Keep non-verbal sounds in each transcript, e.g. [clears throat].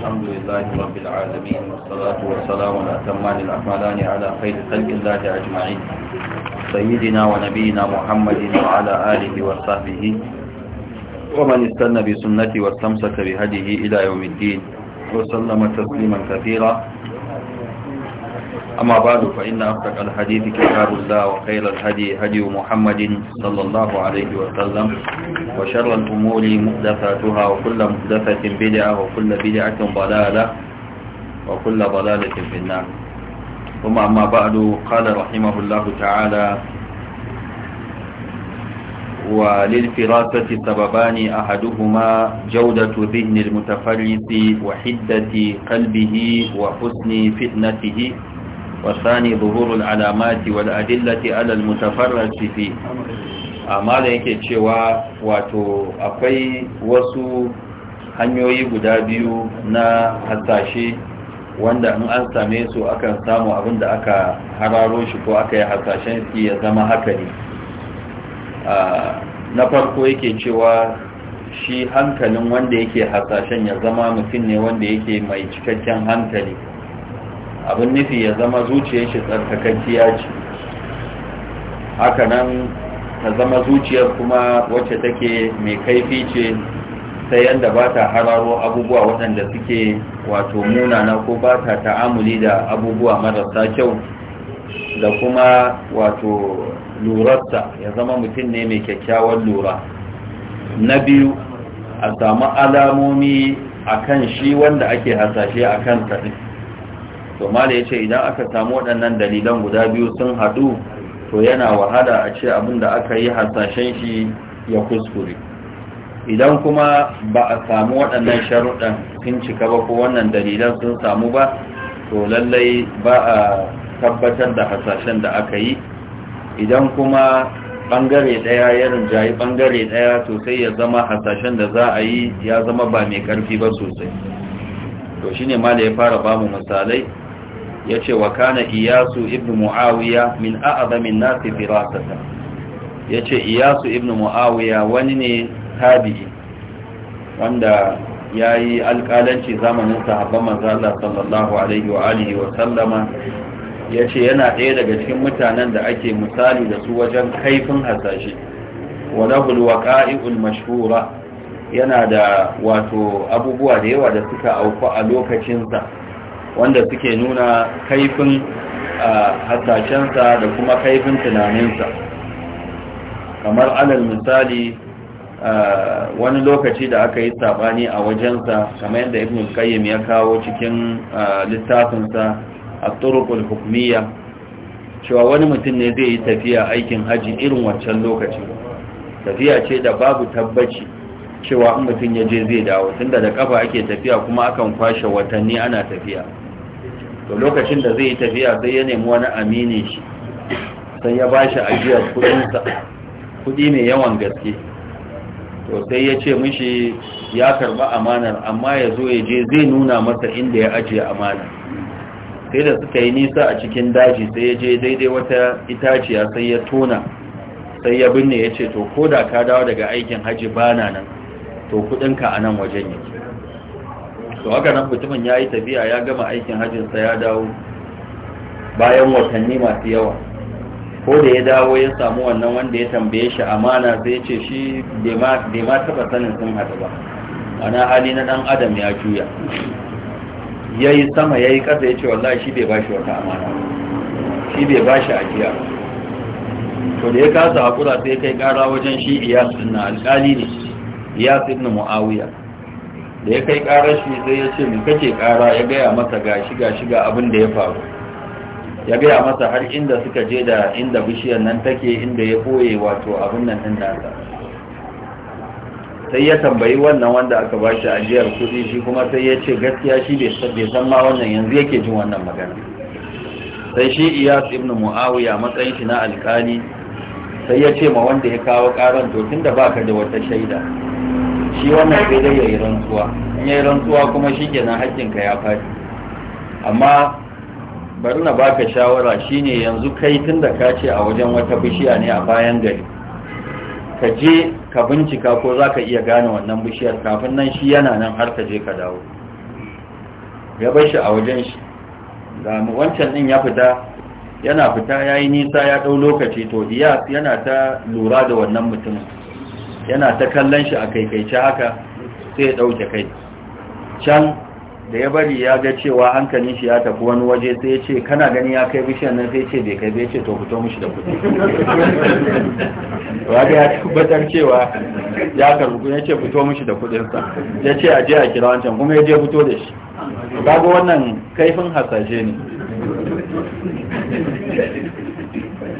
الحمد لله رب العالمين والصلاة والسلام الأتمان الأكملان على خير خلق الله أجمعين سيدنا ونبينا محمد وعلى آله وصحبه ومن استنى بسنته واستمسك بهديه إلى يوم الدين وسلم تسليما كثيرا أما بعد فإن أفتك الحديث كتاب الله وخير الهدي هدي محمد صلى الله عليه وسلم وشر الأمور محدثاتها وكل محدثة بدعة وكل بدعة ضلالة وكل ضلالة في النار ثم أما بعد قال رحمه الله تعالى وللفراسة سببان أحدهما جودة ذهن المتفرس وحدة قلبه وحسن فتنته والثاني ظهور العلامات والأدلة على المتفرج فيه amma da yake cewa wato akwai wasu hanyoyi guda biyu na hasashe wanda in an same su akan samu abin da aka hararo shi ko aka yi hasashen su ya zama haka ne na farko yake cewa shi hankalin wanda yake hasashen ya zama mutum ne wanda yake mai cikakken hankali abin nufi ya zama zuciyar shi tsarkakakkiya ce hakanan ta zama zuciyar kuma wacce take mai kaifi ce ta yadda ba ta hararo abubuwa waɗanda suke wato munana ko ba ta ta'amuli da abubuwa marasa kyau da kuma wato lurarsa ya zama mutum ne mai kyakkyawar lura na biyu a samu alamomi a kan shi wanda ake hasashe a kan taɗi to mala ya ce idan aka samu waɗannan dalilan guda biyu sun haɗu to yana wahala a ce abin da aka yi hasashen shi ya kuskure idan kuma ba a samu waɗannan sharuɗan sun cika ba ko wannan dalilan sun samu ba to lallai ba a tabbatar da hasashen da aka yi idan kuma ɓangare ɗaya ya rinjayi ɓangare ɗaya to ya zama hasashen da za a yi ya zama ba mai ƙarfi ba sosai to shine ma da ya fara bamu misalai ya ce wa kana iyasu ibn mu'awiya min a'azamin nasi firasata ya ce iyasu ibn mu'awiya wani ne tabi'i wanda ya yi alƙalanci zamanin sahabban manzala sallallahu alaihi wa alihi wa sallama ya ce yana ɗaya daga cikin mutanen da ake misali da su wajen kaifin hasashe wadahul waƙa'i'ul mashhura yana da wato abubuwa da yawa da suka auku a lokacinsa wanda suke nuna kaifin hasashensa da kuma kaifin tunaninsa kamar alal misali wani lokaci da aka yi sabani a wajensa kamar yadda ibn qayyim ya kawo cikin littafinsa a turuqul hukmiyya cewa wani mutum ne zai yi tafiya aikin haji irin wancan lokaci tafiya ce da babu tabbaci cewa in mutum ya je zai dawo tunda da kafa ake tafiya kuma akan kwashe watanni ana tafiya to lokacin da zai yi tafiya sai ya nemi wani amini shi sai ya ba shi ajiyar kudinsa kudi mai yawan gaske to sai ya ce mishi ya karba amanar amma ya zo ya je zai nuna masa inda ya ajiye amanar sai da suka yi nisa a cikin daji sai ya je daidai wata itaciya sai ya tona sai ya binne ya ce to ko da ka dawo daga aikin haji bana nan to kudinka a nan wajen yake to haka nan mutumin ya yi tafiya ya gama aikin hajjinsa ya dawo bayan watanni masu yawa ko da ya dawo ya samu wannan wanda ya tambaye shi amana zai ce shi bai ma taba sanin sun haɗu ba ana hali na ɗan adam ya juya ya yi sama ya yi ƙasa ya ce wallahi shi bai bashi shi wata amana shi bai ba shi ajiya to da ya kasa haƙura sai kai ƙara wajen shi iyas na alƙali ne iyas na mu'awiya da ya kai karar shi sai ya ce mai kake kara ya gaya masa ga shiga ga abin da ya faru ya gaya masa har inda suka je da inda bishiyar nan take inda ya boye wato abin nan ɗin nasa sai ya tambayi wannan wanda aka ba shi ajiyar kuɗi shi kuma sai ya ce gaskiya shi bai san ma wannan yanzu yake jin wannan magana sai shi iyas ibn muawiya matsayin shi na alƙali, sai ya ce ma wanda ya kawo ƙaran to tunda baka da wata shaida shi wannan sai dai ya rantsuwa in ya yi rantsuwa kuma shi kenan ka ya fadi amma bari na baka shawara shine yanzu kai tun da ka ce a wajen wata bishiya ne a bayan gari ka je ka bincika ko za ka iya gane wannan bishiyar kafin nan shi yana nan har ka je ka dawo ya bar shi a wajen shi da wancan din ya fita yana fita ya nisa ya ɗau lokaci to iya yana ta lura da wannan mutumin yana ta kallon shi a kaikaice haka sai ya ɗauke kai can da ya bari ya ga cewa hankalin shi ya tafi wani waje sai ya ce kana gani ya kai bishiyar nan sai ce bai kai bai ce to fito mushi da kudi wadda [laughs] ya tabbatar cewa ya karbu ya ce fito mushi da sa ya ce aje a kira wancan kuma ya je fito da shi kaga wannan kaifin hasashe ne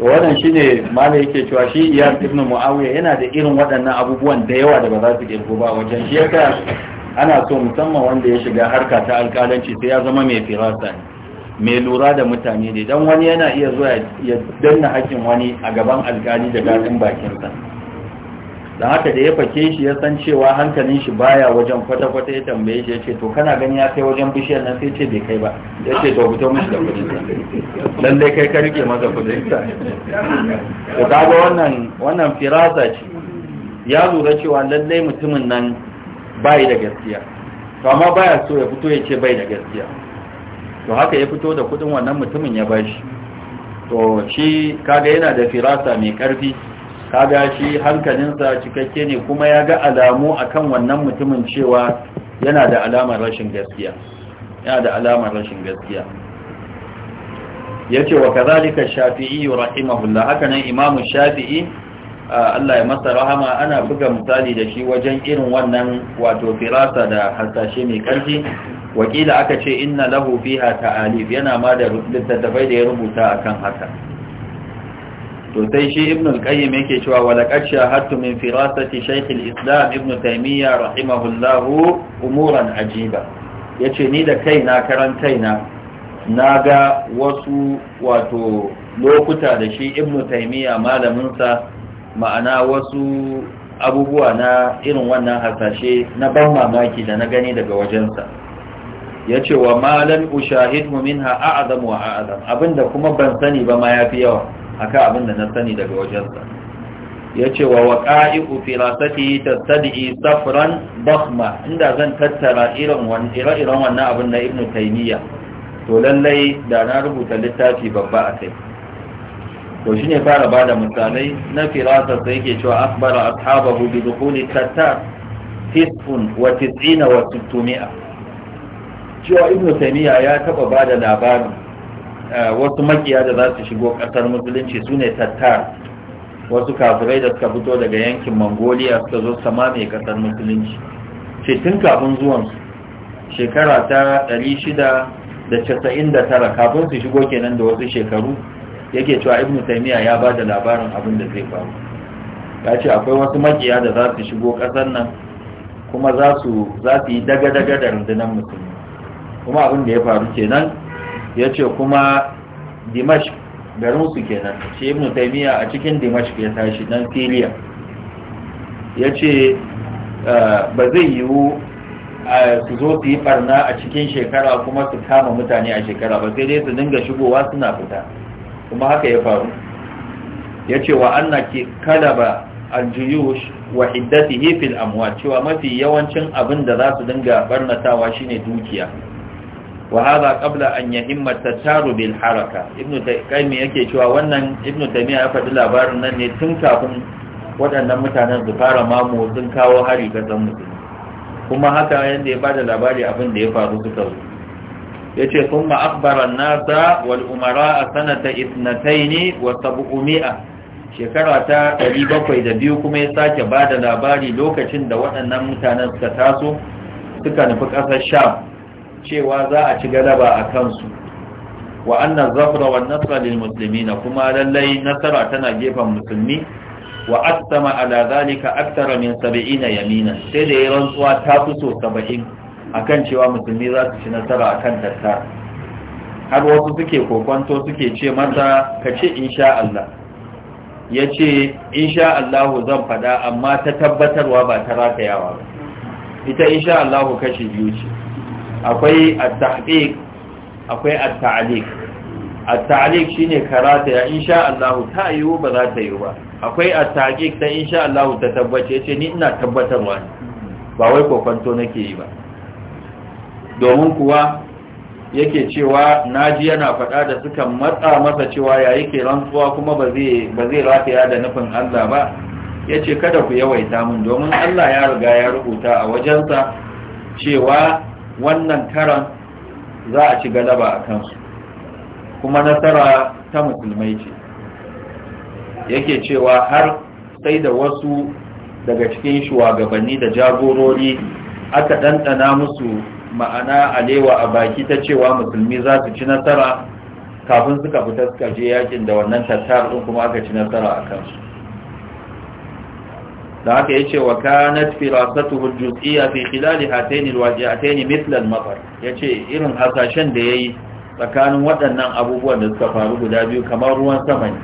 wannan shine mala yake cewa shi iya ibn muawiya yana da irin waɗannan abubuwan da yawa da ba za su kirgo ba wajen shi yaka ana so musamman wanda ya shiga harka ta alƙalanci sai ya zama mai firasa mai lura da mutane ne dan wani yana iya zuwa ya danna hakkin wani a gaban alƙali da gadin bakinsa da haka da ya fake shi ya san cewa hankalin shi baya wajen kwata-kwata ya tambaye shi ya ce to kana gani ya kai wajen bishiyar nan sai ce bai kai ba ya ce to fito mishi da kudin sa lallai kai ka rike masa kudin ta. to kaga wannan wannan firasa ce ya lura cewa lallai mutumin nan bai da gaskiya to amma baya so ya fito ya ce bai da gaskiya to haka ya fito da kudin wannan mutumin ya bashi to shi kaga yana da firasa mai karfi kaga shi hankalinsa cikakke ne kuma ya ga alamu akan wannan mutumin cewa yana da alamar rashin gaskiya yana da alamar rashin gaskiya yace wa kadhalika shafi'i rahimahullah haka nan imamu shafi'i Allah ya masa rahama ana buga misali da shi wajen irin wannan wato firasa da hasashe mai karfi wakila aka ce inna lahu fiha ta'alif yana ma da littattafai da ya rubuta akan haka to sai shi ibn al-qayyim yake cewa walaqad shahadtu min firasati shaykh al-islam ibn taymiyyah rahimahullahu umuran ajiba yace ni da kaina karantaina kaina naga wasu wato lokuta da shi ibn taymiyyah malamin sa ma'ana wasu abubuwa na irin wannan hasashe na ban mamaki da na gani daga wajensa yace wa malan ushahidhu minha a'zam wa a'zam abinda kuma ban sani ba ma yafi yawa akan abin da na sani daga wajensa ya ce wa waƙa'iku firasati ta sadi safran bakma inda zan tattara ire-iren wannan abin na ibn taimiyya to lallai da na rubuta littafi babba a kai to shi ne fara ba da misalai na firasar sai ke cewa akbara ashabahu bi dukuli tattar tisfun wa tis'ina cewa ibn taimiyya ya taɓa ba da labarin Eh, wasu makiya da za su shigo ƙasar musulunci su ne tattar wasu kafirai da suka fito daga yankin mongolia suka zo sama mai ƙasar musulunci ce tun kafin zuwansu shekara ta 699 kafin su shigo kenan da wasu shekaru yake cewa ibn taimiya ya ba da labarin abin da zai faru ya ce akwai wasu makiya da za su shigo kasar nan kuma za su yi daga-daga da rundunar musulmi kuma abin da ya faru kenan ya ce kuma dimashq garinsu kenan shi ibn taimiyya a cikin Dimash ya tashi nan siriya ya ce ah, ba zai yiwu ah, su zo su yi barna a cikin shekara kuma su kama mutane a shekara ba sai dai su dinga shigowa suna fita kuma haka ya faru ya ce wa anna ke kalaba aljuyush wa hiddatihi fil amwat cewa mafi yawancin abin da za su dinga barnatawa shine dukiya wahaza kabla qabla an yahimma tasaru bil haraka ibnu yake cewa wannan ibnu taymiya ya faɗi labarin nan ne tun kafin waɗannan mutanen su fara mamu sun kawo hari ga san musulmi kuma haka yanda ya bada labari abin da ya faru suka zo yace kuma akhbara an a wal umara sanata 200 wa 700 shekara ta biyu kuma ya sake bada labari lokacin da waɗannan mutanen suka taso suka nufi ƙasar Sham cewa za a ci galaba a kansu wa annan zafra wa nasara lil na kuma lallai nasara tana gefen musulmi wa aqsama ala zalika aktara min na yamina sai da yi rantsuwa ta fi so A akan cewa musulmi za su ci nasara akan tatta har wasu suke kokonto suke ce masa kace insha Allah yace insha Allah zan fada amma ta tabbatarwa ba ta rataya ba ita insha Allah kashi biyu ce akwai at-tahqiq akwai at-ta'liq at-ta'liq shine karata ya insha Allah ta yiwu ba za ta yiwu ba akwai at-tahqiq ta insha Allah ta tabbace yace ni ina tabbatarwa ba wai kokonto nake yi ba domin kuwa yake cewa naji yana faɗa da suka matsa masa cewa ya yake rantsuwa kuma ba zai rataya da nufin Allah ba yace kada ku yawaita mun domin Allah ya riga ya rubuta a wajensa cewa wannan karan za a ci galaba a kansu kuma nasara ta musulmai ce yake cewa har sai da wasu daga cikin shugabanni da jagorori aka ɗanɗana musu ma'ana alewa a baki ta cewa musulmi za su ci nasara kafin suka fita suka je yakin da wannan tattalin kuma aka ci nasara a kansu da haka yace wa kanat firasatuhu juz'iyya fi khilal hatayn alwaji'atayn mithla almatar yace irin hasashen da yayi tsakanin waɗannan abubuwan da suka faru guda biyu kamar ruwan sama ne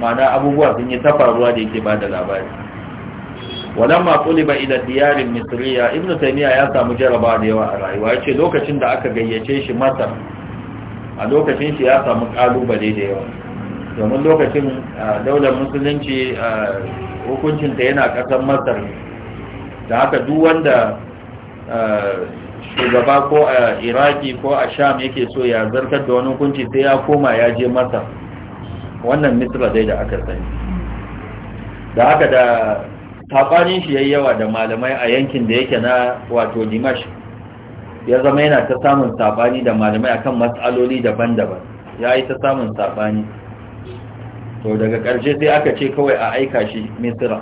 ma'ana abubuwa sun yi ta faruwa da yake bada labari walamma quliba ila diyar misriya ibnu taymiya ya samu jaraba da yawa a rayuwa yace lokacin da aka gayyace shi masar a lokacin shi ya samu kalubale da yawa domin lokacin daular musulunci hukuncinta yana ƙasar masar da haka duk wanda shugaba ko a iraki ko a sham yake so ya zartar da wani hukunci sai ya koma ya je masar wannan misra dai da aka sani da haka da saɓanin shi yayi yawa da malamai a yankin da yake na wato dimash ya zama yana ta samun saɓani da malamai akan matsaloli daban-daban ya yi ta samun saɓani to daga ƙarshe sai aka ce kawai a aika shi misira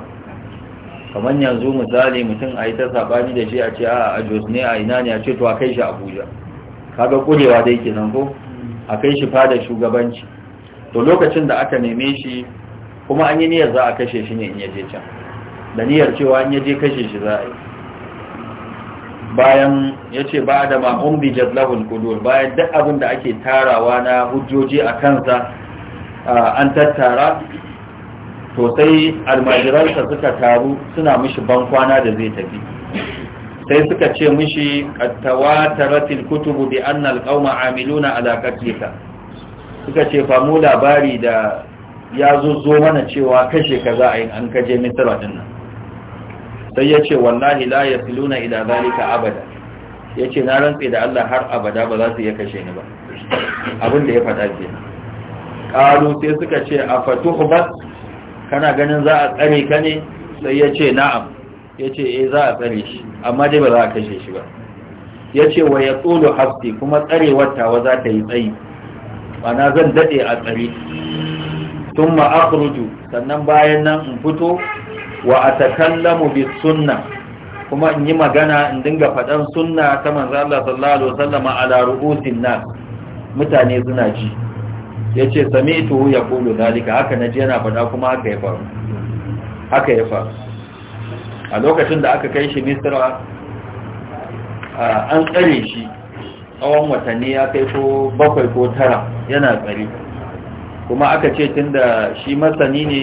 kamar yanzu misali mutum a yi ta saɓani da shi a ce a jos ne a ina ne a ce to a kai shi abuja kaga ƙurewa dai kenan ko a kai shi fada shugabanci to lokacin da aka neme shi kuma an yi niyyar za a kashe shi ne in yaje can da niyyar cewa in yaje kashe shi za a yi bayan ya ce ba da ma'un bi jadlahul kudur bayan duk abin da ake tarawa na hujjoji a kansa an tattara to sai almajiransa suka taru suna mishi bankwana da zai tafi sai suka ce mishi tawataratil kutubu bi anna alqauma amiluna ala katika suka ce fa mu labari da ya zo mana cewa kashe kaza za yi an kaje misra din nan sai ya ce wallahi la yasiluna ila zalika abada ya ce na rantse da Allah har abada ba za su iya kashe ni ba Abinda ya faɗa kenan ƙalu sai suka ce a fatuhu bas kana ganin za a tsare ka ne sai ya ce na'am ya ce e za a tsare shi amma dai ba za a kashe shi ba ya ce wa ya tsolo hafti kuma tsarewar tawa za ta yi tsayi ana zan daɗe a tsare sun ma'akuruju sannan bayan nan in fito wa a takallamu bi sunna kuma in yi magana in dinga faɗan sunna ta manzo Allah sallallahu alaihi wasallama ala ru'usin nas mutane suna ji ya ce sami tuhu ya kulu dalika haka na yana fada kuma haka ya faru a lokacin da aka kai shi misra an tsare shi tsawon watanni ya kai ko bakwai ko tara yana tsare kuma aka ce tun da shi masani ne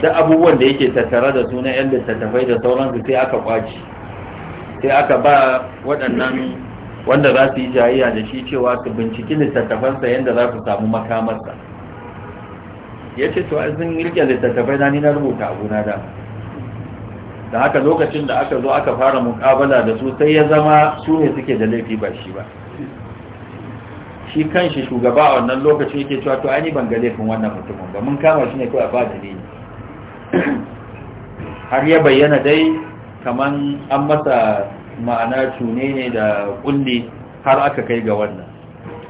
da abubuwan da yake tattara da sunan yan littattafai da sauransu sai aka kwaci sai aka ba waɗannan wanda za su yi jayayya da shi cewa su binciki littattafansa yadda za su samu makamarsa ya ce to sun rike littattafai na ni na rubuta abuna da da haka lokacin da aka zo aka fara mukabala da su sai ya zama su ne suke da laifi ba shi ba shi kanshi shugaba a wannan lokacin yake cewa to ani ban ga laifin wannan mutumin ba mun kama shi ne kawai ba ne har ya bayyana dai kaman an masa ma'ana tune ne da kulle har aka kai ga wannan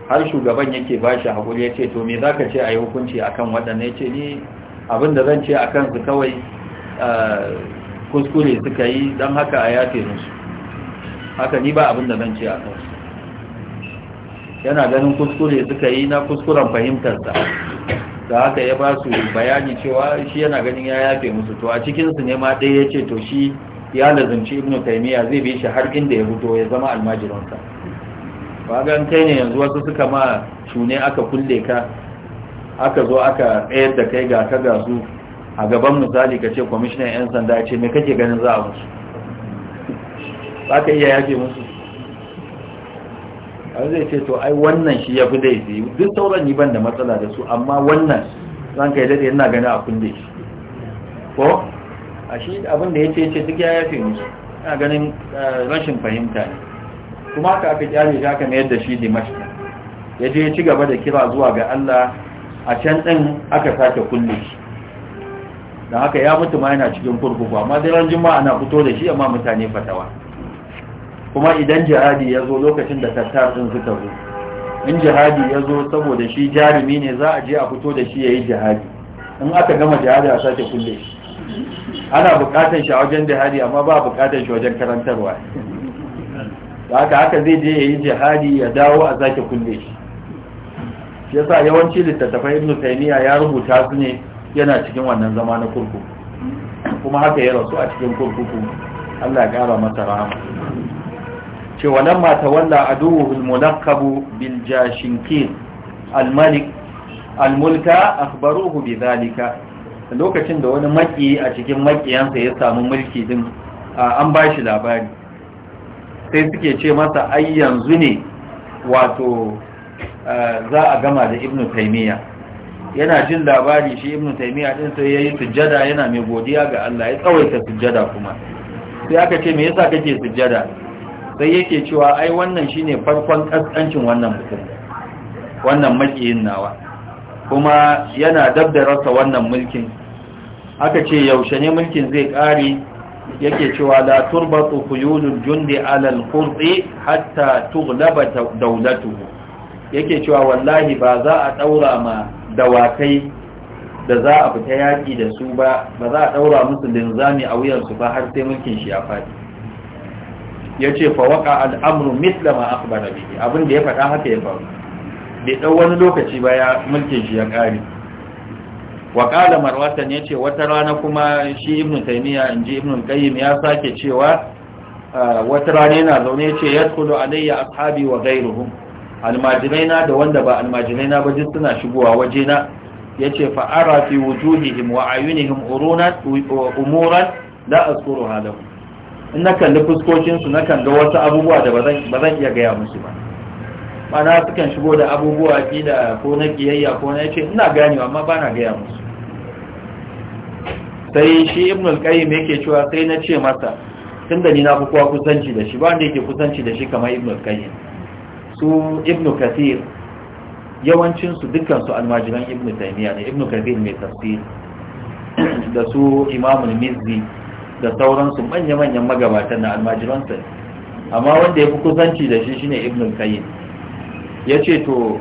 har shugaban yake ba shi haƙuri ya ce to me za ka ce a yi hukunci a kan waɗanda ya ce ni abinda zan ce a kansu kawai eh, kuskure suka yi don haka a yafe musu haka ni ba abinda zan ce a kansu yana ganin kuskure suka yi na kuskuren fahimtarsa da haka ya ba su bayani cewa shi yana ganin ya yafe musu to a cikinsu ne ma ɗaya ya ce to shi ya lazanci ibn taymiya zai bi shi har inda ya fito ya zama almajiransa ba ga kai ne yanzu wasu suka ma cune aka kulle ka aka zo aka tsayar da kai ga kaga su a gaban misali ka ce kwamishinan 'yan sanda ya ce mai kake ganin za a musu ba ka iya yafe musu a zai ce to ai wannan shi ya fi daidai duk sauran ni ban da matsala da su amma wannan zan kai dade yana gani a kulle shi ko a shi abin ya ce ce duk ya yafe musu a ganin eh, rashin fahimta ne kuma aka aka kyale shi aka mayar da shi dimashka ya je ya ci gaba da kira zuwa ga Allah a can ɗin aka sake kulle shi don haka ya mutu ma yana cikin kurkuku amma daren juma'a ana fito da shi amma mutane fatawa kuma idan jihadi ya zo lokacin da tattar ɗin suka zo in jihadi ya zo saboda shi jarumi ne za a je a fito da shi ya yi jihadi in aka gama jihadi a sake kulle shi ana bukatar shi a wajen jihadi amma ba bukatar shi wajen karantarwa da aka haka zai je ya yi jihadi ya dawo a zake kulle shi shi yasa yawanci littattafai ibn taymiya ya rubuta su ne yana cikin wannan zama na kurkuku kuma haka ya rasu a cikin kurkuku Allah ya kara masa rahama ce walan mata tawalla aduhu al-mulaqabu bil al mulka lokacin da wani maki a cikin makiyansa ya samu mulki din an ba shi labari sai suke ce masa ai yanzu ne wato za a gama da ibnu taimiyya yana jin labari shi ibnu taimiyya din sai ya yi sujjada yana mai godiya ga Allah ya tsawaita sujjada kuma sai aka ce me yasa kake sujjada sai yake cewa ai wannan shine farkon kaskancin wannan mutum wannan makiyin nawa kuma yana dab da rasa wannan mulkin aka ce yaushe ne mulkin zai kare yake cewa la turbatu khuyulul jundi ala al-qurdi hatta tughlaba dawlatuhu yake cewa wallahi ba za a daura ma dawakai da za a fita yaki da su ba ba za a daura musu linzami a wuyan su ba har sai mulkin shi ya fadi yace fa waqa al-amru mithla ma akhbara bihi abin da ya faɗa haka ya faru bai dau wani lokaci ba ya mulkin shi ya kare wa qala marwatan yace wata rana kuma shi ibn taymiya inji ibn qayyim ya sake cewa ah, wata rana yana zaune ce, yace yadkhulu alayya ashabi wa ghayruhum almajinaina da wanda ba almajinaina ba duk suna shigowa wajena yace fa ara fi wujuhihim wa ayunihim urunat umuran la azkuru lahum in na kalli fuskokin su na kan ga wasu abubuwa da ba zan iya gaya musu ba na sukan shigo da abubuwa kila ko na kiyayya ko na yace ina ganewa amma ba na gaya musu sai shi ibn al-qayyim yake cewa sai na ce masa tunda ni na fi kowa kusanci da shi ba wanda yake kusanci da shi kamar ibn al-qayyim su ibn kathir yawancin su dukkan su almajiran ibn taymiya ne ibn kathir mai tafsir da su imam al-mizzi da sauransu manya-manyan magabatan na almajiran sa amma wanda yake kusanci da shi shine ibn al-qayyim yace to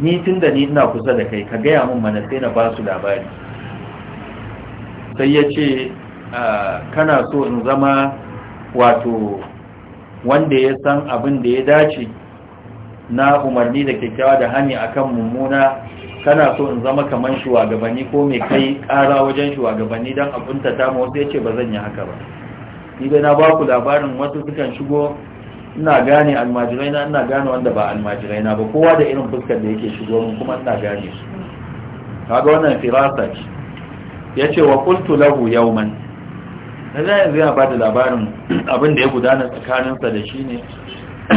ni tunda ni ina kusa da kai ka ga ya mun mana sai na ba su labari sai ya ce ah, kana so in zama wato wanda ya san abin da ya dace na umarni da kyakkyawa da hani akan mummuna kana so in zama kamar shugabanni ko mai kai ƙara wajen shugabanni don abinta ta wasu ya ce ba zan yi haka ba ni na ba ku labarin wasu sukan shigo ina gane almajirai na ina gane wanda ba almajirai na ba kowa da irin fuskar da yake shigo mun kuma ina gane su kaga wannan firasa ce ya ce wa kultu lahu yauman na za yanzu ya da labarin [clears throat] abin da ya gudana tsakaninsa da shi ne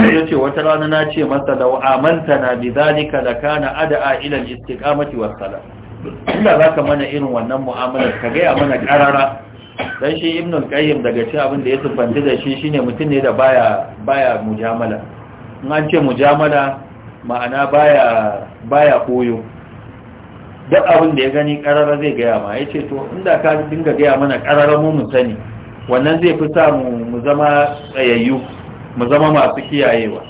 [clears throat] ya ce wata rana na ce masa da amanta na bi zalika da kana ada'a ilal istiqamati was illa za zaka mana irin wannan mu'amalar ka gaya mana karara dan shi ibn al-qayyim daga cikin abin da ya tufanta da shi shine mutum ne da baya baya mujamala in an ce mujamala ma'ana baya baya koyo duk abin da ya gani karara zai gaya ma ya ce to inda ka dinga gaya mana karara mu mu sani wannan zai fi sa mu zama tsayayyu mu zama masu kiyayewa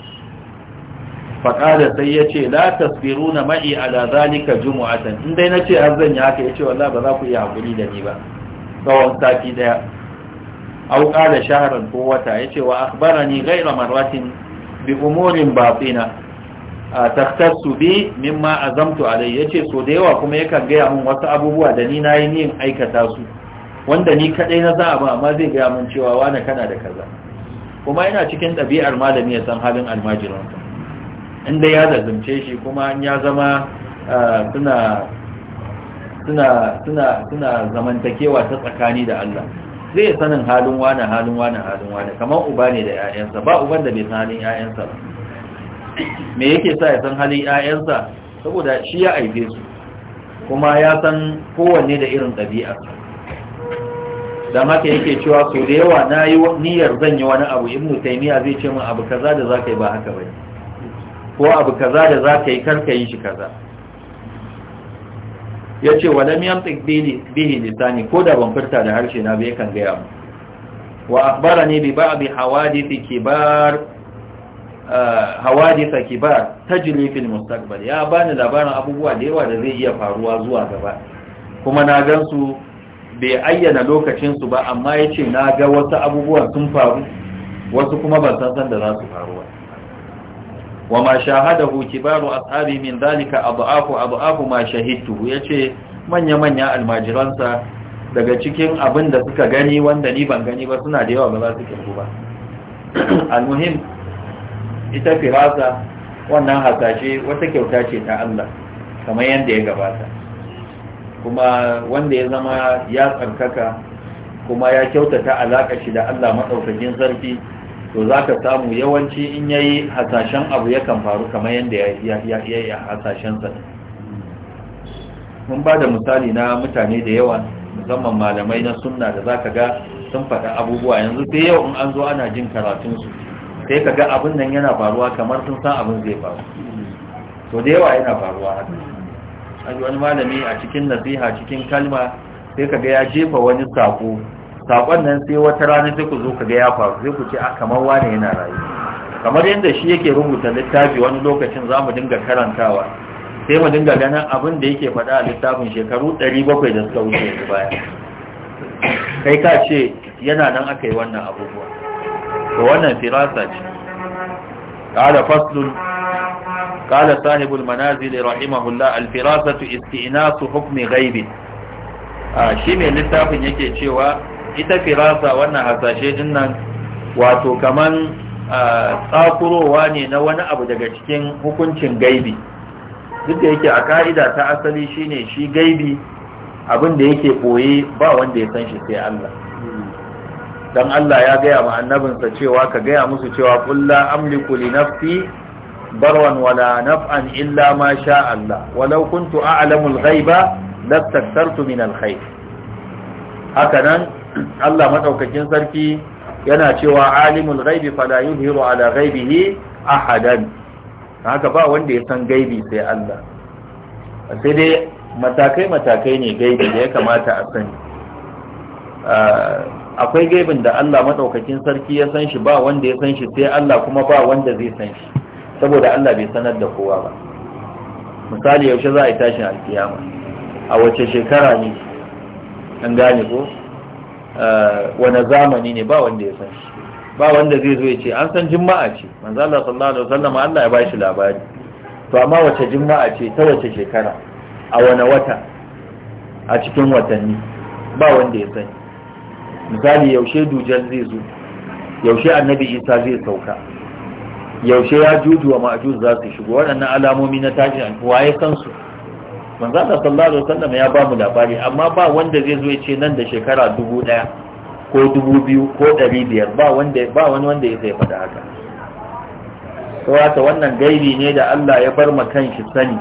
faƙada sai ya ce la tasbiru na ma'i ala zalika jumu'atan in dai na ce har zan yi haka ya ce wallah ba za ku yi haƙuri da ni ba tsawon sati ɗaya au ƙada shaharar ko wata ya ce wa akhbarani ni marwatin bi umurin batina taktasu bi mimma azamtu alai yace so da yawa kuma yakan gaya min wasu abubuwa da ni na yi niyin aikata su wanda ni kadai na za ba amma zai gaya min cewa wane kana da kaza kuma yana cikin ɗabi'ar malami ya san halin almajiransa inda ya zazumce shi kuma ya zama suna suna suna suna zamantakewa ta tsakani da Allah zai sanin halin wane halin wane halin wane kamar uba ne da 'ya'yansa ba uban da bai san halin 'ya'yansa ba me yake sa ya san halin 'ya'yansa saboda shi ya aife su kuma ya san kowanne da irin ɗabi'a da haka yake cewa so da yawa na yi niyyar zan yi wani abu in taimiyya zai ce min abu kaza da za ka yi ba haka bai ko abu kaza da za ka yi karka yi shi kaza ya ce wa lam yamtik bihi lisani ko da ban furta da harshe na bai kan gaya mu wa akhbarani bi ba'd hawadith kibar hawadisa kibar ta fil mustaqbal ya bani labarin abubuwa da yawa da zai iya faruwa zuwa gaba kuma na su bai ayyana lokacin su ba amma yace na ga wasu abubuwan sun faru wasu kuma ban san san da za su faru ba wa ma shahadahu kibaru ashabi min dalika adhafu adhafu ma shahidtu yace manya manya almajiransa daga cikin abin da suka gani wanda ni ban gani ba suna da yawa ba za su kirgu ba [clears throat] almuhim ita firasa wannan hasashe wata kyauta ce ta Allah kamar yadda ya gabata kuma wanda ya zama ya tsarkaka kuma ya kyautata alaƙa shi da Allah maɗaukakin sarki to za ka samu yawanci in ya yi hasashen abu yakan faru kamar yadda ya yi hasashen sa mun ba da misali na mutane da yawa musamman malamai na sunna da za ka ga sun faɗa abubuwa yanzu sai yau in an zo ana jin karatunsu sai ka ga abin nan yana faruwa kamar sun san abin zai faru to da yawa yana faruwa haka aji wani malami a cikin nasiha cikin kalma sai ka ga ya jefa wani sako sakon nan sai wata rana sai ku zo ka ga ya faru sai ku ce a ah, kamar wane yana rayu kamar yadda shi yake rubuta littafi wani lokacin za mu dinga karantawa sai mu dinga ganin abin da yake faɗa a littafin shekaru 700 da suka wuce baya kai ka ce yana nan aka yi wannan abubuwa to wannan firasa ce qala faslun qala sahibul manazil rahimahullah alfirasatu firasatu istinasu hukmi gaibi. shi mai littafin yake cewa ita firasa wannan hasashe din nan wato kaman tsakurowa ne na wani abu daga cikin hukuncin gaibi duk da yake a ka'ida ta asali shine shi gaibi abin da yake ɓoye, ba wanda ya san shi sai Allah dan Allah ya gaya ma annabinsa cewa ka gaya musu cewa kulla amliku li nafsi barwan wala naf'an illa ma sha Allah walau kuntu a'lamu al-ghaiba lastaktartu min al-khair haka nan Allah madaukakin sarki yana cewa alimul ghaibi fala yuzhiru ala ghaibihi ahadan haka ba wanda ya san gaibi sai Allah sai dai matakai matakai ne gaibi da ya kamata a sani ah, akwai gaibin da Allah madaukakin sarki ya san shi ba wanda ya san shi sai Allah kuma ba wanda zai san shi saboda Allah bai sanar da kowa ba misali yaushe za a yi tashin alkiyama a wace shekara ne an gane ko eh, wani zamani ne ba wanda ya san shi ba wanda zai zo ya ce an san juma'a ce manzo Allah sallallahu alaihi wasallam Allah ya ba shi labari to amma wace juma'a ce ta wace shekara a wani wata a cikin watanni ba wanda ya sani misali yaushe dujan zai zo yaushe annabi isa zai sauka yaushe ya juju wa ma'ajuz za su shigo waɗannan alamomi na tashin an waye san su manzo sallallahu alaihi wasallam ya ba mu labari amma ba wanda zai zo ya ce nan da shekara dubu ɗaya ko dubu biyu ko ɗari biyar ba wanda wani wanda ya sai faɗa haka saboda wannan gaibi ne da Allah ya bar ma kanshi sani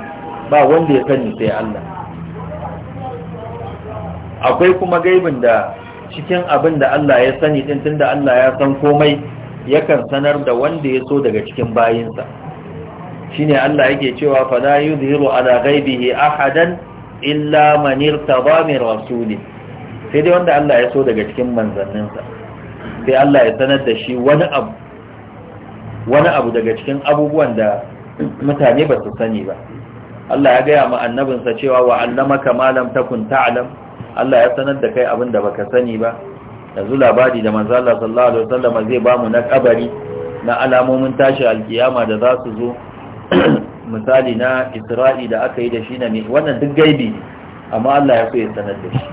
ba wanda ya sani sai Allah akwai kuma gaibin da cikin abin da Allah ya sani din tunda Allah ya san komai yakan sanar da wanda ya so daga cikin bayinsa shine Allah yake cewa yi yuzhiru ala ghaibihi ahadan illa man irtaba min rasuli sai dai wanda Allah ya so daga cikin manzanninsa sai Allah ya sanar da shi wani abu wani abu daga cikin abubuwan da mutane ba su sani ba Allah ya gaya ma annabinsa cewa wa malam kamalam takun ta'lam Allah ya sanar da kai abin da baka sani ba yanzu labari da manzo Allah sallallahu alaihi wasallam zai bamu na kabari na alamomin tashi alkiyama da za su zo [clears throat] misali na Isra'i da aka yi da shi na ne wannan duk gaibi amma Allah ya so ya sanar da shi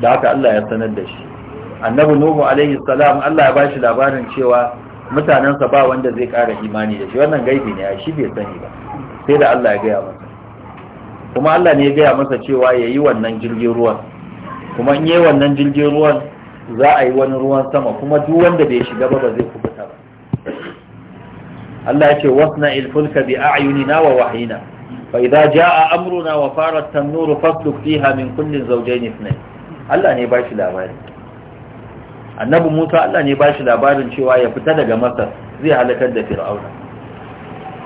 da haka Allah ya sanar da shi annabi nuhu alaihi salam Allah ya bashi labarin cewa mutanensa ba wanda zai ƙara imani da shi wannan gaibi ne shi bai sani ba sai da Allah ya gaya masa kuma Allah ne ya gaya masa cewa ya yi wannan jirgin ruwan kuma in yi wannan jirgin ruwan za a yi wani ruwan sama kuma duk wanda bai shiga ba ba zai kubuta ba Allah ya ce wasna ilfulka bi a'yunina wa wahina fa idza jaa amruna wa farat tanur fasluk fiha min kulli zawjayn ithnayn Allah ne ba shi labari Annabi Musa Allah ne ba shi labarin cewa ya fita daga Masar zai halakar da Fir'auna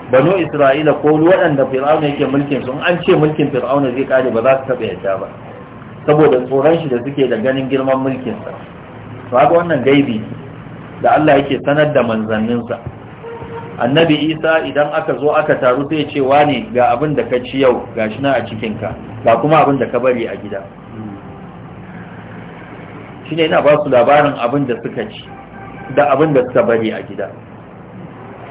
banu isra'ila ko waɗanda fir'auna yake mulkin su an ce mulkin fir'auna zai kare ba za su taɓa yadda ba saboda tsoron shi da suke da ganin girman mulkin sa to haka wannan gaibi da Allah yake sanar da manzannin sa annabi Isa idan aka zo aka taru sai ce wani ga abin da ka ci yau gashi na a cikin ka ga kuma abin da ka bari a gida shine ina ba su labarin abin da suka ci da abin da suka bari a gida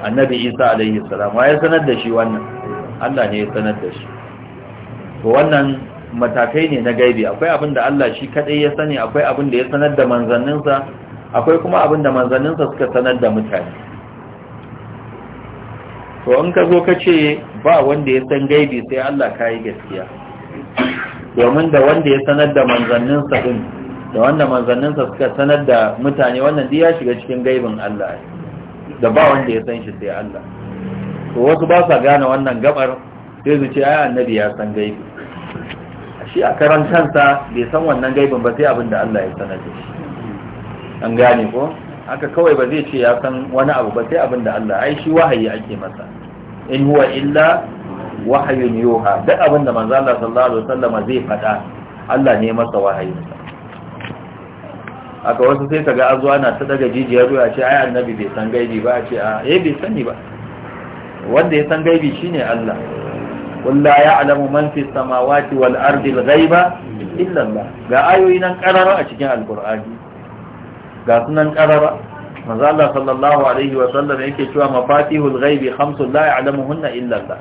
annabi isa alaihi salam wa ya sanar da shi wannan Allah ne ya sanar da shi to wannan matakai ne na gaibi akwai abin da Allah shi kadai ya sani akwai abin da ya sanar da manzanninsa akwai kuma abin da manzanninsa suka sanar da mutane to in ka zo ka ce ba wanda ya san gaibi sai Allah ka yi gaskiya domin da wanda ya sanar da manzanninsa din da wanda manzanninsa suka sanar da mutane wannan duk ya shiga cikin gaibin Allah ne da ba wanda ya san shi sai Allah to wasu ba sa gane wannan gabar sai su ce ai annabi ya san gaibi shi a karan kansa bai san wannan gaibin ba sai abin da Allah ya sanar da shi an gane ko haka kawai ba zai ce ya san wani abu ba sai abin da Allah ai shi wahayi ake masa in huwa illa wahayun yuha duk abin da manzo Allah sallallahu alaihi wasallam zai faɗa Allah ne masa wahayi A aka wasu sai kaga an zuwa na ta daga jijiyar ruwa ce ai annabi bai san gaibi ba A ce a ah, eh bai sani ba wanda ya san gaibi shine Allah qul la ya'lamu man fi samawati wal ardil al ghaiba ga ayoyi nan karara a cikin alqur'ani ga sunan karara manzo Allah sallallahu alaihi wa sallam yake cewa mafatihul ghaibi khamsun la ya'lamuhunna illa Allah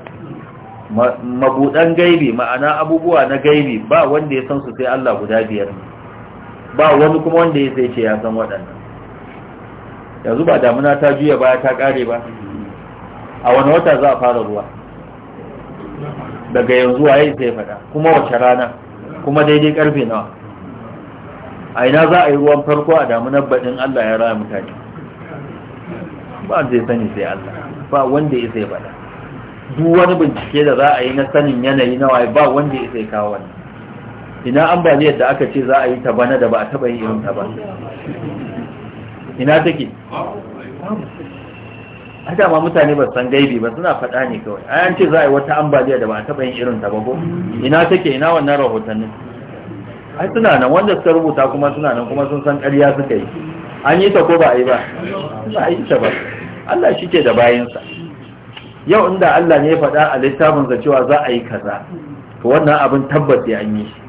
mabudan gaibi ma'ana abubuwa na gaibi ba wanda ya san su sai Allah guda biyar ne ba wani kuma wanda ya sai ce ya san waɗannan yanzu ba damuna ta juya baya ta ƙare ba a wani wata za a fara ruwa daga yanzu waye sai faɗa kuma wace rana kuma daidai ƙarfe nawa a ina za a yi ruwan farko a damunar baɗin Allah ya raya mutane ba zai sani sai Allah ba wanda ya sai faɗa duk wani bincike da za a yi na sanin yanayi nawa ba wanda ya sai kawo wannan ina ambaliyar da aka ce za a yi ta bana da ba a taba yi irin ta ba ina take a dama mutane ba san gaibi ba suna faɗa ne kawai an ce za a yi wata ambaliyar da ba a taɓa yi irin ta ba ko ina take ina wannan rahotannin ai suna nan wanda suka rubuta kuma suna nan kuma sun san ƙarya suka yi an yi ta ko ba a yi ba ba a yi ta ba Allah shi ke da bayansa yau inda Allah ne ya faɗa a littafinsa cewa za a yi kaza to wannan abin tabbas ya an yi shi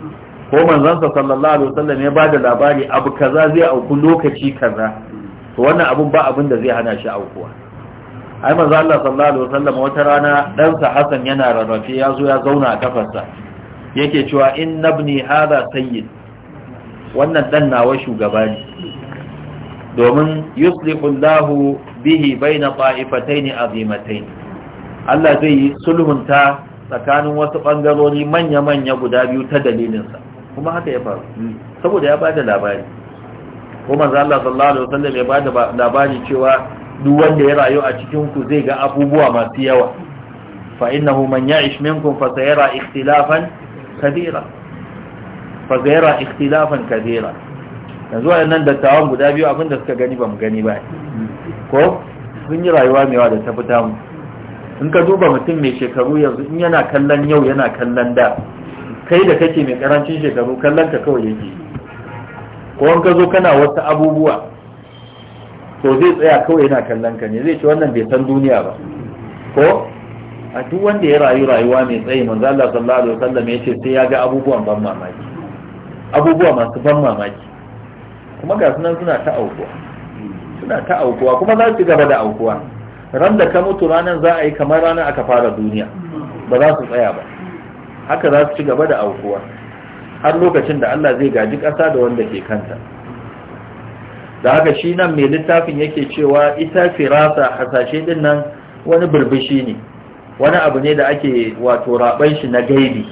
ko manzansa sallallahu alaihi wasallam ya bada labari abu kaza zai auku lokaci kaza to wannan abun ba abin da zai hana shi aukuwa ai manzo Allah sallallahu alaihi wasallam wata rana dan sa Hassan yana rarrafe ya zo ya zauna a kafarsa yake cewa in nabni hadha sayyid wannan dan nawa shugaba ne domin yuslihu Allahu bihi baina qa'ifatayn azimatayn Allah zai yi sulhunta tsakanin wasu bangarori manya-manya guda biyu ta dalilinsa kuma haka ya faru saboda ya bada labari ko manzo Allah sallallahu alaihi wasallam ya bada labari cewa duk wanda ya rayu a cikin ku zai ga abubuwa masu yawa fa innahu man ya'ish minkum fa sayara ikhtilafan kabira fa sayara ikhtilafan kabira yanzu dattawan guda biyu abinda suka gani ba mu gani ba ko sun yi rayuwa mewa da ta mu in ka duba mutum mai shekaru yanzu in yana kallon yau yana kallon da kai da kake mai karancin shekaru kallon ka kawai yake ko an ka zo kana wasu abubuwa to zai tsaya kawai yana kallon ka ne zai ce wannan bai san duniya ba ko a duk wanda ya rayu rayuwa mai tsayi manzo Allah sallallahu alaihi wasallam yace sai ya ga abubuwan ban mamaki abubuwa masu ban mamaki kuma ga sunan suna ta aukuwa suna ta aukuwa kuma za su gaba da aukuwa ran da ka mutu ranan za a yi kamar ranar aka fara duniya ba za su tsaya ba haka za su ci gaba da aukuwa har lokacin da Allah zai gaji ƙasa da wanda ke kanta da haka shi nan mai littafin yake cewa ita firasa hasashe din nan wani burbushi ne wani abu ne da ake wato raɓan shi na gaibi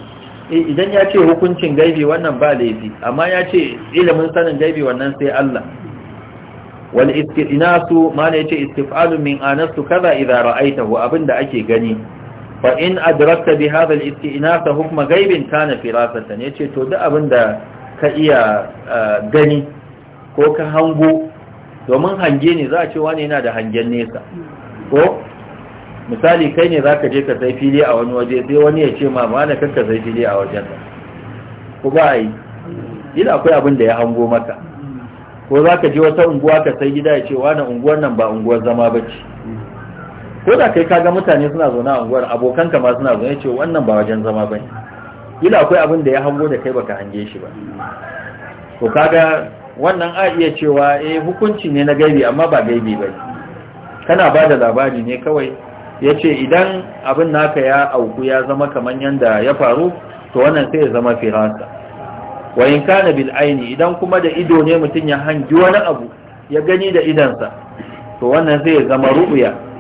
eh, idan ya ce hukuncin gaibi wannan ba laifi amma ya ce ilimin sanin gaibi wannan sai Allah wal istinasu mana yace istif'alu min anastu kaza idza ra'aitahu abinda ake gani fa in adrakta bi hadha al-istinasa hukma ghaibin kana ne ce to duk da ka iya gani ko ka hango domin hange ne za a ce wani yana da hangen nesa ko misali kai ne za ka je ka sai fili a wani waje sai wani ya ce ma mana kanka sai fili a wajen nan ko ba a yi ila akwai abin da ya hango maka ko za ka je wata unguwa ka sai gida ya ce wani unguwar nan ba unguwar zama ba ce ko da kai ga mutane suna zaune a unguwar abokan ka ma suna zaune ce wannan ba wajen zama ba ne. ila akwai abin da ya hango da kai baka hange shi ba to kaga wannan a iya cewa eh hukunci ne na gaibi amma ba gaibi ba kana da labari ne kawai ya ce idan abin naka ya auku ya zama kamar yanda ya faru to wannan sai ya zama firasa wa in kana bil aini idan kuma da ido ne mutum ya hangi wani abu ya gani da idansa to wannan zai zama ru'ya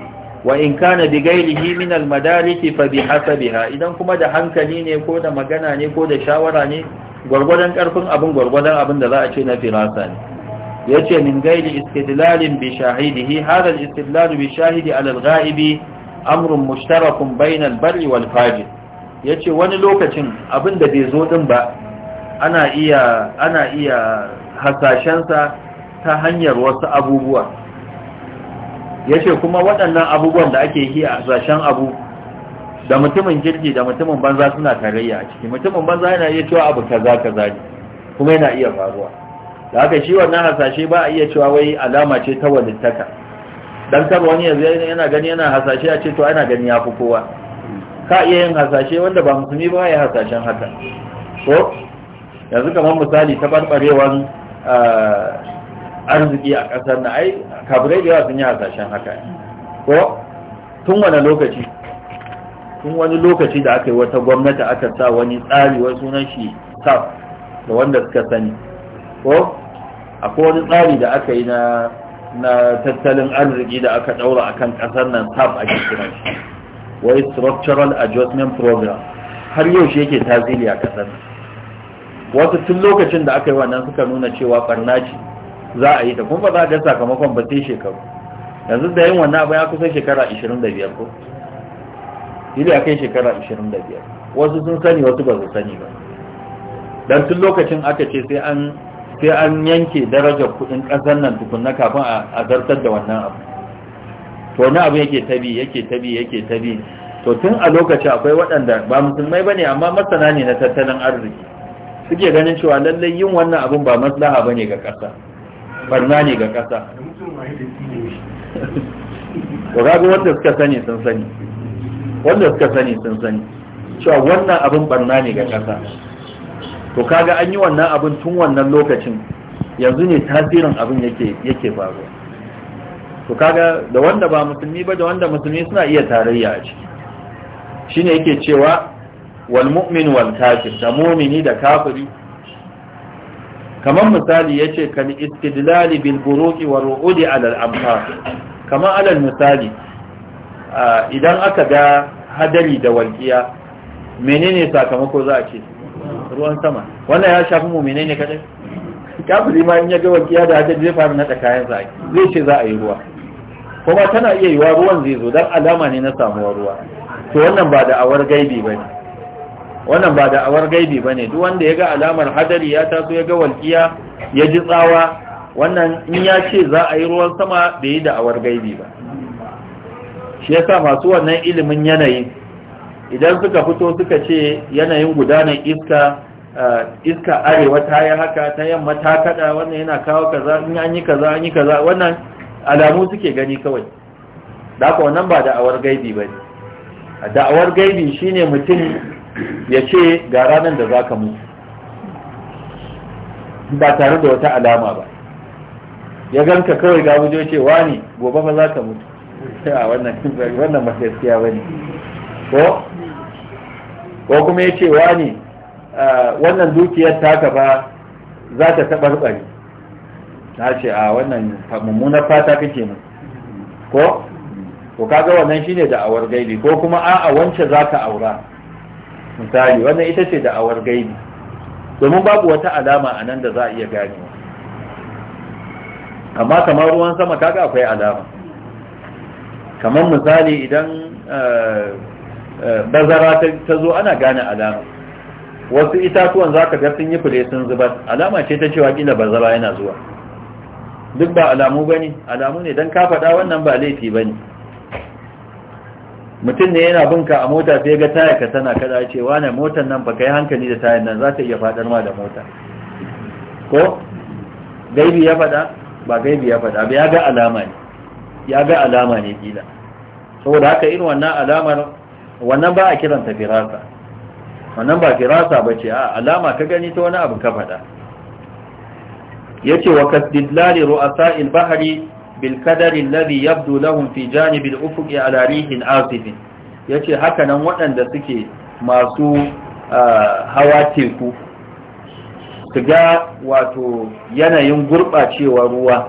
wa in kana bi gairihi min al madaliki fa bi hasabiha idan kuma da hankali ne ko da magana ne ko da shawara ne gwargwadon karfin abin gwargwadon abin da za a ce na firasa ne yace min gairi istidlalin bi shahidihi hada al istidlal bi shahidi ala al amrun mushtarakun bayna al wal fajir yace wani lokacin abin da bai zo din ba ana iya ana iya hasashensa ta hanyar wasu abubuwa yace kuma waɗannan abubuwan da ake yi a sashen abu da mutumin jirgi da mutumin banza suna tarayya a ciki mutumin banza yana iya cewa abu kaza kaza ne kuma yana iya faruwa da haka shi wannan hasashe ba a iya cewa wai alama ce ta walittaka dan kaba wani yanzu yana gani yana hasashe a ce to ana gani ya fi kowa ka iya yin hasashe wanda ba musulmi ba ya hasashen haka ko yanzu kamar misali ta barbarewan ah, arziki a ƙasar na ai kafirai da yawa sun yi hasashen haka ko tun wani lokaci tun wani lokaci da aka yi wata gwamnati aka sa wani tsari wai sunan shi saf da wanda suka sani ko akwai wani tsari da aka yi na na tattalin arziki da aka daura akan kasar nan saf a kiran shi wai structural adjustment program har yau shi yake tasiri a kasar wasu tun lokacin da aka yi wannan suka nuna cewa barna ce za a yi ta kuma ba za a ga sakamakon ba sai shekaru yanzu da yin wannan abin ya kusa shekara 25 ko ili ya kai shekara 25 wasu sun sani wasu ba su sani ba don tun lokacin aka ce sai an sai an yanke darajar kudin kasar nan tukunna kafin a zartar da wannan abu to wani abu yake tabi yake tabi yake tabi to tun a lokaci akwai waɗanda ba musulmai ba ne amma masana ne na tattalin arziki suke ganin cewa lallai yin wannan abin ba maslaha ba ne ga ƙasa barna ne ga ƙasa ƙuragu wanda suka sani sun sani wanda suka sani sun sani cewa wannan abin barna ne ga ƙasa to kaga an yi wannan abin tun wannan lokacin yanzu ne tasirin abin yake faruwa to kaga da wanda ba musulmi ba da wanda musulmi suna iya tarayya a ciki shine yake cewa wal mu'min wal kafir da mu'mini da kafiri kamar misali yace kal istidlal bil buruqi wa ru'udi ala al amsar kamar alal misali idan aka ga hadari da walƙiya menene sakamako za a ce ruwan sama wannan ya shafi mu menene kadai kafiri ma in ya ga walƙiya da hadari zai fara nada kayan sa zai ce za a yi ruwa kuma tana iya yiwa ruwan zai zo dan alama ne na samuwar ruwa to wannan ba da awar gaibi bane wannan ba da awar gaibi ba ne duk wanda ya ga alamar hadari ya taso ya ga walkiya ya ji tsawa wannan in ya ce za a yi ruwan sama da yi da awar gaibi ba shi ya sa masu wannan ilimin yanayi idan suka fito suka ce yanayin gudanar iska eh, iska arewa ta yi haka ta yamma ta kada wannan yana kawo kaza in an yi kaza an yi kaza wannan alamu suke gani kawai da haka wannan ba da awar gaibi ba ne da'awar gaibi shine mutum ya ce ga ranar da za ka mutu ba tare da wata alama ba ya ganka kawai ga wujo ce wani gobe ba za ka mutu [laughs] a wannan masaskiya ba ne ko kuma ya ce wani wannan dukiyar taka ba za ta taɓarɓare na ce a wannan mummunar fata kake mu ko ko kaga wannan shine da awar gaili ko kuma a'a wance za ka aura misali wannan ita ce da'awar gaibi domin babu wata alama a nan da za a iya gane amma kamar ruwan sama kaga akwai alama kamar misali idan eh, eh, bazara ta zo ana gane alama wasu itatuwan za ka sun yi fure sun zubar alama ce ta cewa kila bazara yana zuwa duk ba alamu ba ne alamu ne don ka faɗa wannan ba laifi ba ne mutum ne yana binka a mota sai ga tayar ka tana kada ce wane motar nan ba kai hankali da tayar nan za ta iya fadar ma da mota ko gaibi ya fada ba gaibi ya fada ba ya ga alama ne ya ga alama ne kila saboda haka irin wannan alamar wannan ba a kiranta firasa wannan ba firasa ba ce a alama ka gani ta wani abu ka fada ya ce wa kasdidlali ru'asa'il bahari بالقدر الذي يبدو لهم في جانب ufuƙi على ريح عاصف yace haka nan waɗanda suke masu hawa teku su ga wato yanayin gurɓacewa ruwa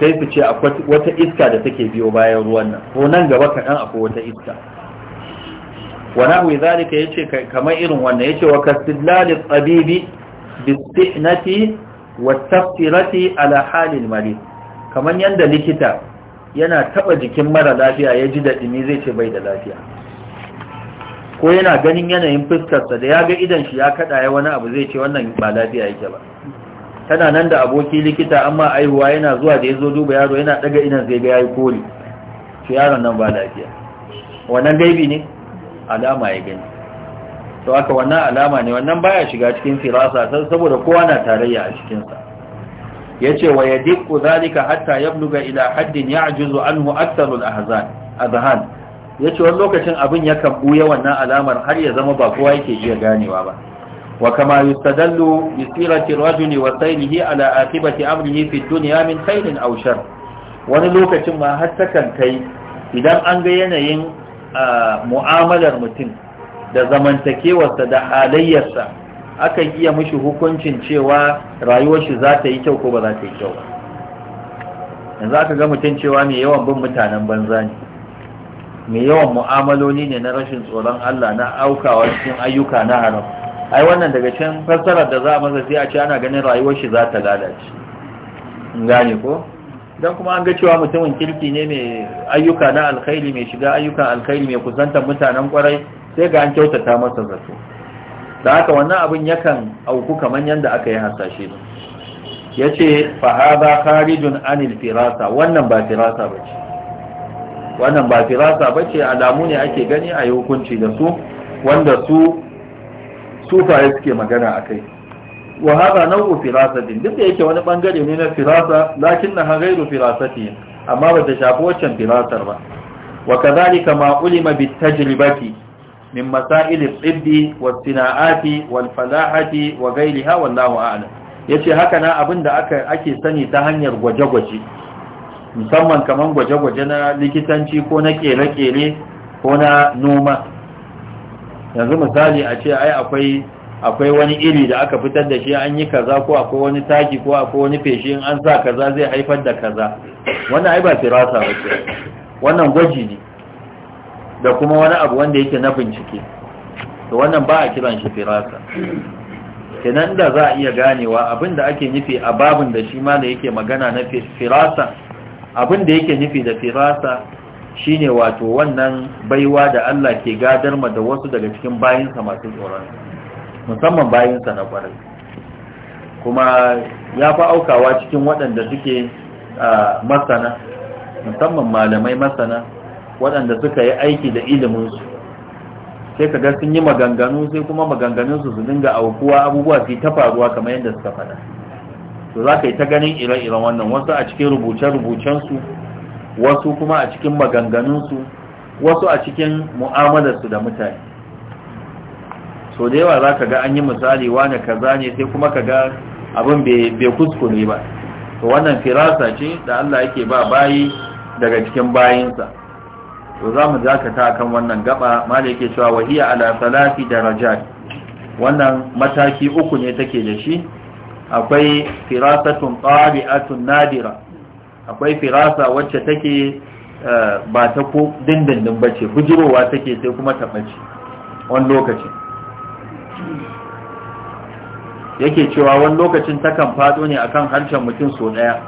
sai su ce akwai wata iska da take biyo bayan ruwan nan ko nan gaba kaɗan akwai wata iska wani abu zalika ya ce kamar irin wannan ya ce wa kastidlali tsabibi bistihnati wa tafsirati ala halin marid kamar yadda likita yana taba jikin mara lafiya ya ji daɗini zai ce bai da lafiya ko yana ganin yanayin fuskarsa da ya ga idan shi ya kaɗa ya wani abu zai ce wannan ba lafiya yake ba tana nan da aboki likita amma aihuwa yana zuwa da ya zo duba yaro yana ɗaga idan zai ga ya yi kori shi yaron nan ba lafiya wannan gaibi ne alama ya gani to aka wannan alama ne wannan baya shiga cikin firasa saboda kowa na tarayya a cikinsa yace wa yadiqu zalika hatta bluga ila haddin ya'juzu anhu aktharu a ahzan Ya yace wani lokacin abin ya yakan buya wannan alamar har ya zama ba kowa yake iya ganewa ba wa kama yustadallu bi sirati rajuli wa saylihi ala akibati amrihi fi dunya min khairin aw wani lokacin ma har takan kai idan an ga yanayin ah, mu'amalar mutum da zamantakewarsa da halayyarsa akan iya mishi hukuncin cewa rayuwar shi za ta yi kyau ko ba za ta yi kyau ba yanzu aka ga mutum cewa mai yawan bin mutanen banza ne mai yawan mu'amaloli ne na rashin tsoron Allah na aukawa cikin ayyuka na haram ai wannan daga can fassarar da za a masa sai a ce ana ganin rayuwar shi za ta lalace in gane ko dan kuma an ga cewa mutumin kirki ne mai ayyuka na alkhairi mai shiga ayyukan alkhairi mai kusantar mutanen kwarai sai ga an kyautata masa zato da haka wannan abin yakan auku kamar yadda aka yi hasashe ne ya ce fahaba kharijun anil firasa wannan ba firasa ba ce wannan ba firasa ba ce alamu ne ake gani a yi hukunci da su wanda su sufaye suke magana a kai wa haɗa nau'u firasatin duk da yake wani ɓangare ne na firasa lakin na harairu firasati amma ba ta shafi waccan firasar ba wa kazalika ma ulima bi tajribati min masailin tsibbi wa sina'ati wal falahati wa gailiha wallahu a'lam yace haka na abin da ake sani ta hanyar gwaje-gwaje musamman kamar gwaje-gwaje na likitanci ko na kere-kere ko na noma yanzu misali a ce ai akwai akwai wani iri da aka fitar da shi an yi kaza ko akwai wani taki ko akwai wani feshi in an sa kaza zai haifar da kaza wannan ai ba firasa ba wannan gwaji ne da kuma wani abu wanda yake na bincike to wannan ba a kiran shi firasa kenan da za a iya ganewa abin da ake nufi a babin da shi ma da yake magana na firasa abin da yake nufi da firasa shine wato wannan baiwa da Allah ke gadar ma da wasu daga cikin bayinsa masu tsoron musamman bayinsa na kwarai kuma ya fi aukawa cikin waɗanda suke ah, masana musamman malamai masana waɗanda suka yi aiki da iliminsu sai ka ga sun yi maganganu sai kuma maganganunsu su dinga aukuwa abubuwa su ta faruwa kamar yadda suka faɗa to za ka yi ta ganin ire-iren wannan wasu a cikin rubuce-rubucensu wasu kuma a cikin maganganunsu wasu a cikin mu'amalarsu da mutane so da yawa za ka ga an yi misali wane kaza ne sai kuma ka ga abin bai kuskure ba to wannan firasa ce da Allah yake ba bayi daga cikin bayinsa to za mu dakata kan wannan gaba mala cewa wahiya ala salati darajat wannan mataki uku ne take da shi akwai firasatun tabi'atun nadira akwai firasa wacce take eh, ba ta ko dindindin bace hujirowa take sai kuma ta bace wani lokaci yake cewa wani lokacin takan faɗo ne akan harshen mutum so ɗaya,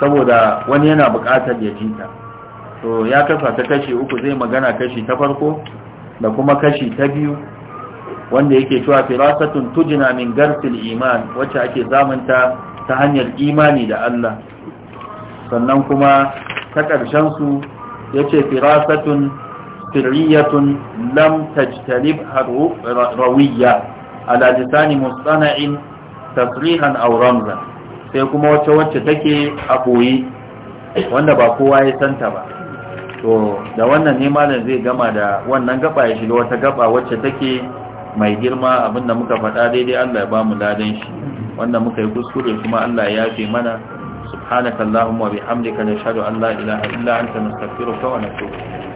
saboda wani yana bukatar ya ta. to ya kasa ta kashi uku zai magana kashi ta farko da kuma kashi ta biyu wanda yake cewa firasatun tujina min garsil iman wacce ake zamunta ta hanyar imani da Allah sannan kuma ta ƙarshen su yace firasatun sirriyatun lam tajtalib rawiyya ala lisani mustana'in tasrihan aw ramza sai kuma wacce wacce take a boye wanda ba kowa ya santa ba to da wannan ne malam zai gama da wannan gaba ya shiga wata gaba wacce take mai girma abinda muka faɗa daidai Allah ya bamu mu ladan shi wanda muka yi kuskure kuma Allah ya yafe mana subhanakallahumma wa bihamdika nashhadu an la ilaha illa anta nastaghfiruka wa natubu